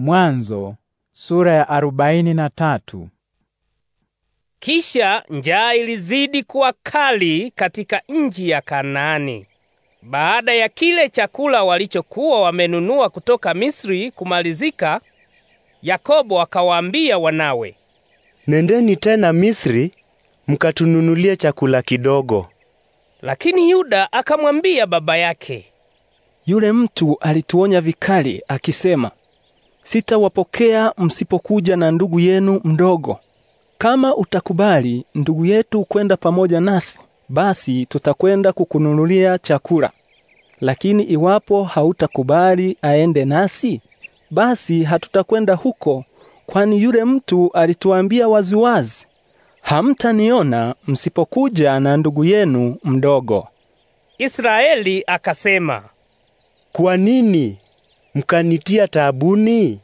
Mwanzo sura ya arobaini na tatu. Kisha njaa ilizidi kuwa kali katika nchi ya Kanaani baada ya kile chakula walichokuwa wamenunua kutoka Misri kumalizika. Yakobo akawaambia wanawe, nendeni tena Misri mkatununulie chakula kidogo. Lakini Yuda akamwambia baba yake, yule mtu alituonya vikali akisema sitawapokea msipokuja na ndugu yenu mdogo. Kama utakubali ndugu yetu kwenda pamoja nasi, basi tutakwenda kukununulia chakula. Lakini iwapo hautakubali aende nasi, basi hatutakwenda huko, kwani yule mtu alituambia waziwazi, hamtaniona msipokuja na ndugu yenu mdogo. Israeli akasema, kwa nini mkanitia taabuni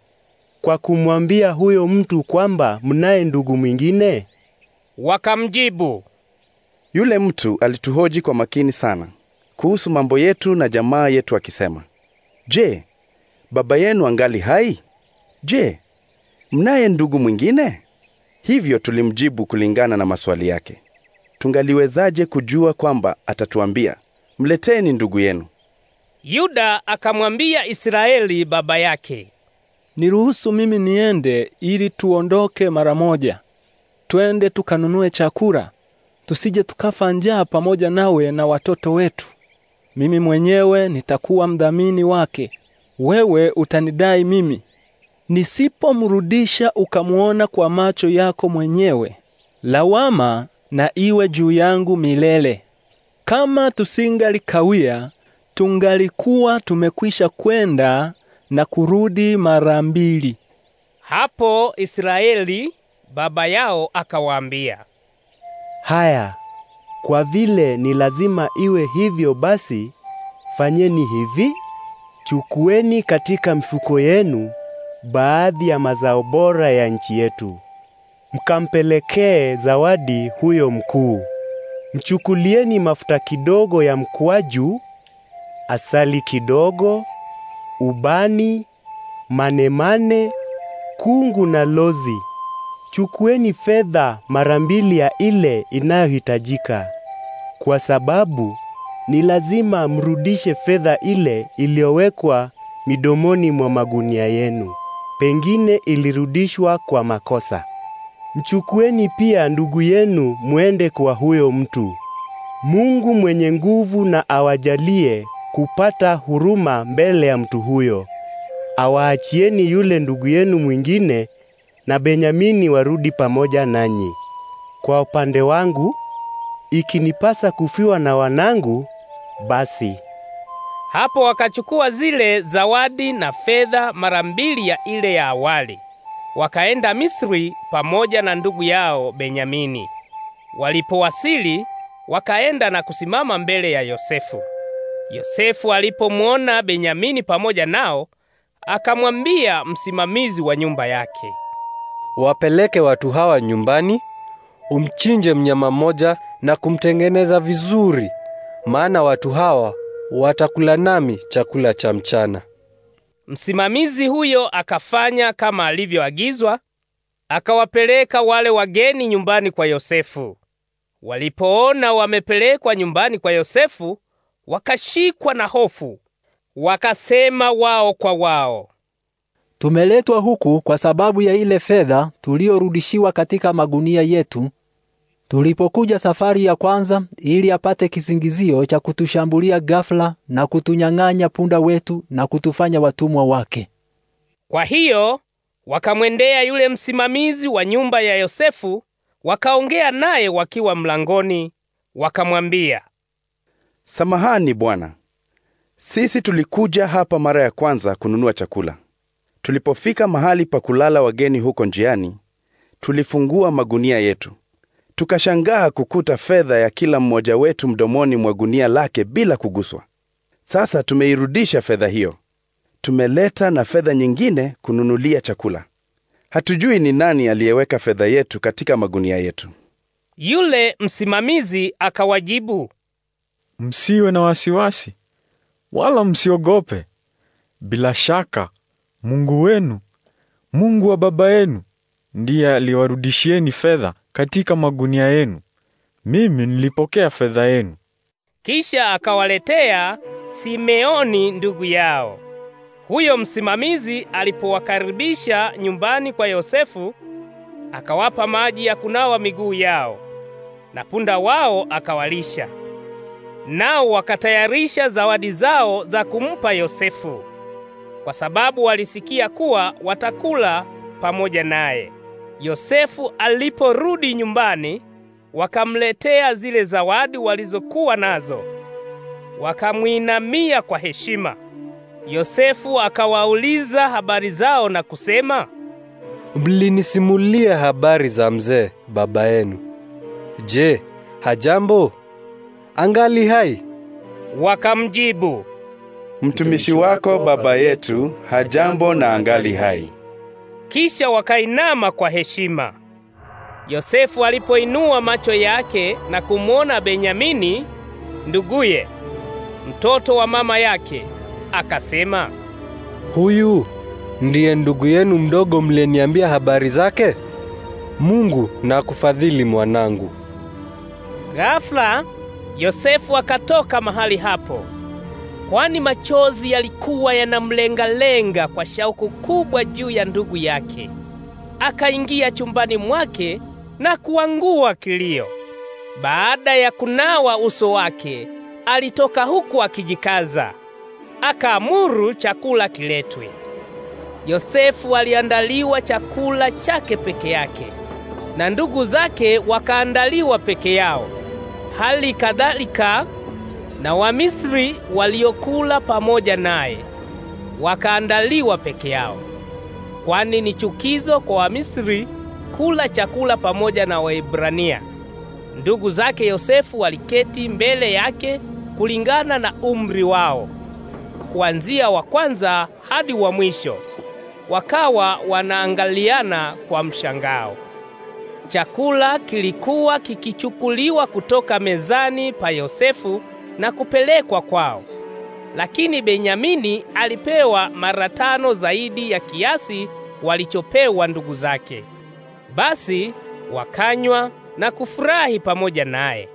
kwa kumwambia huyo mtu kwamba mnaye ndugu mwingine? Wakamjibu, yule mtu alituhoji kwa makini sana kuhusu mambo yetu na jamaa yetu akisema, Je, baba yenu angali hai? Je, mnaye ndugu mwingine? Hivyo tulimjibu kulingana na maswali yake. Tungaliwezaje kujua kwamba atatuambia, mleteni ndugu yenu? Yuda akamwambia Israeli baba yake, niruhusu mimi niende ili tuondoke mara moja, twende tukanunue chakula, tusije tukafa njaa pamoja nawe na watoto wetu. Mimi mwenyewe nitakuwa mdhamini wake, wewe utanidai mimi. Nisipomrudisha ukamuona kwa macho yako mwenyewe, lawama na iwe juu yangu milele. Kama tusingalikawia tungalikuwa tumekwisha kwenda na kurudi mara mbili. Hapo Israeli baba yao akawaambia, haya, kwa vile ni lazima iwe hivyo, basi fanyeni hivi: chukueni katika mifuko yenu baadhi ya mazao bora ya nchi yetu, mkampelekee zawadi huyo mkuu. Mchukulieni mafuta kidogo ya mkwaju asali kidogo, ubani, manemane, kungu na lozi. Chukueni fedha mara mbili ya ile inayohitajika, kwa sababu ni lazima mrudishe fedha ile iliyowekwa midomoni mwa magunia yenu, pengine ilirudishwa kwa makosa. Mchukueni pia ndugu yenu, mwende kwa huyo mtu. Mungu mwenye nguvu na awajalie kupata huruma mbele ya mtu huyo. Awaachieni yule ndugu yenu mwingine na Benyamini warudi pamoja nanyi. Kwa upande wangu, ikinipasa kufiwa na wanangu, basi. Hapo wakachukua zile zawadi na fedha mara mbili ya ile ya awali, wakaenda Misri pamoja na ndugu yao Benyamini. Walipowasili, wakaenda na kusimama mbele ya Yosefu. Yosefu alipomwona Benyamini pamoja nao, akamwambia msimamizi wa nyumba yake, wapeleke watu hawa nyumbani, umchinje mnyama mmoja na kumtengeneza vizuri, maana watu hawa watakula nami chakula cha mchana. Msimamizi huyo akafanya kama alivyoagizwa, akawapeleka wale wageni nyumbani kwa Yosefu. Walipoona wamepelekwa nyumbani kwa Yosefu, wakashikwa na hofu, wakasema wao kwa wao, tumeletwa huku kwa sababu ya ile fedha tuliyorudishiwa katika magunia yetu tulipokuja safari ya kwanza, ili apate kisingizio cha kutushambulia ghafla na kutunyang'anya punda wetu na kutufanya watumwa wake. Kwa hiyo wakamwendea yule msimamizi wa nyumba ya Yosefu, wakaongea naye wakiwa mlangoni, wakamwambia, Samahani bwana, sisi tulikuja hapa mara ya kwanza kununua chakula. Tulipofika mahali pa kulala wageni huko njiani, tulifungua magunia yetu, tukashangaa kukuta fedha ya kila mmoja wetu mdomoni mwa gunia lake bila kuguswa. Sasa tumeirudisha fedha hiyo, tumeleta na fedha nyingine kununulia chakula. Hatujui ni nani aliyeweka fedha yetu katika magunia yetu. Yule msimamizi akawajibu, Msiwe na wasiwasi wala msiogope. Bila shaka Mungu wenu, Mungu wa baba yenu, ndiye aliwarudishieni fedha katika magunia yenu. Mimi nilipokea fedha yenu. Kisha akawaletea Simeoni ndugu yao. Huyo msimamizi alipowakaribisha nyumbani kwa Yosefu, akawapa maji ya kunawa miguu yao na punda wao akawalisha nao wakatayarisha zawadi zao za kumpa Yosefu, kwa sababu walisikia kuwa watakula pamoja naye. Yosefu aliporudi nyumbani, wakamletea zile zawadi walizokuwa nazo, wakamwinamia kwa heshima. Yosefu akawauliza habari zao na kusema, mlinisimulia habari za mzee baba yenu. Je, hajambo? angali hai? Wakamjibu, mtumishi wako baba yetu hajambo na angali hai. Kisha wakainama kwa heshima. Yosefu alipoinua macho yake na kumwona Benyamini nduguye, mtoto wa mama yake, akasema, huyu ndiye ndugu yenu mdogo mleniambia habari zake. Mungu na akufadhili mwanangu. Ghafla Yosefu akatoka mahali hapo, kwani machozi yalikuwa yanamlenga-lenga kwa shauku kubwa juu ya ndugu yake. Akaingia chumbani mwake na kuangua kilio. Baada ya kunawa uso wake, alitoka huku akijikaza. Akaamuru chakula kiletwe. Yosefu aliandaliwa chakula chake peke yake na ndugu zake wakaandaliwa peke yao hali kadhalika na Wamisri waliokula pamoja naye wakaandaliwa peke yao, kwani ni chukizo kwa Wamisri kula chakula pamoja na Waebrania. Ndugu zake Yosefu waliketi mbele yake kulingana na umri wao, kuanzia wa kwanza hadi wa mwisho, wakawa wanaangaliana kwa mshangao. Chakula kilikuwa kikichukuliwa kutoka mezani pa Yosefu na kupelekwa kwao, lakini Benyamini alipewa mara tano zaidi ya kiasi walichopewa ndugu zake. Basi wakanywa na kufurahi pamoja naye.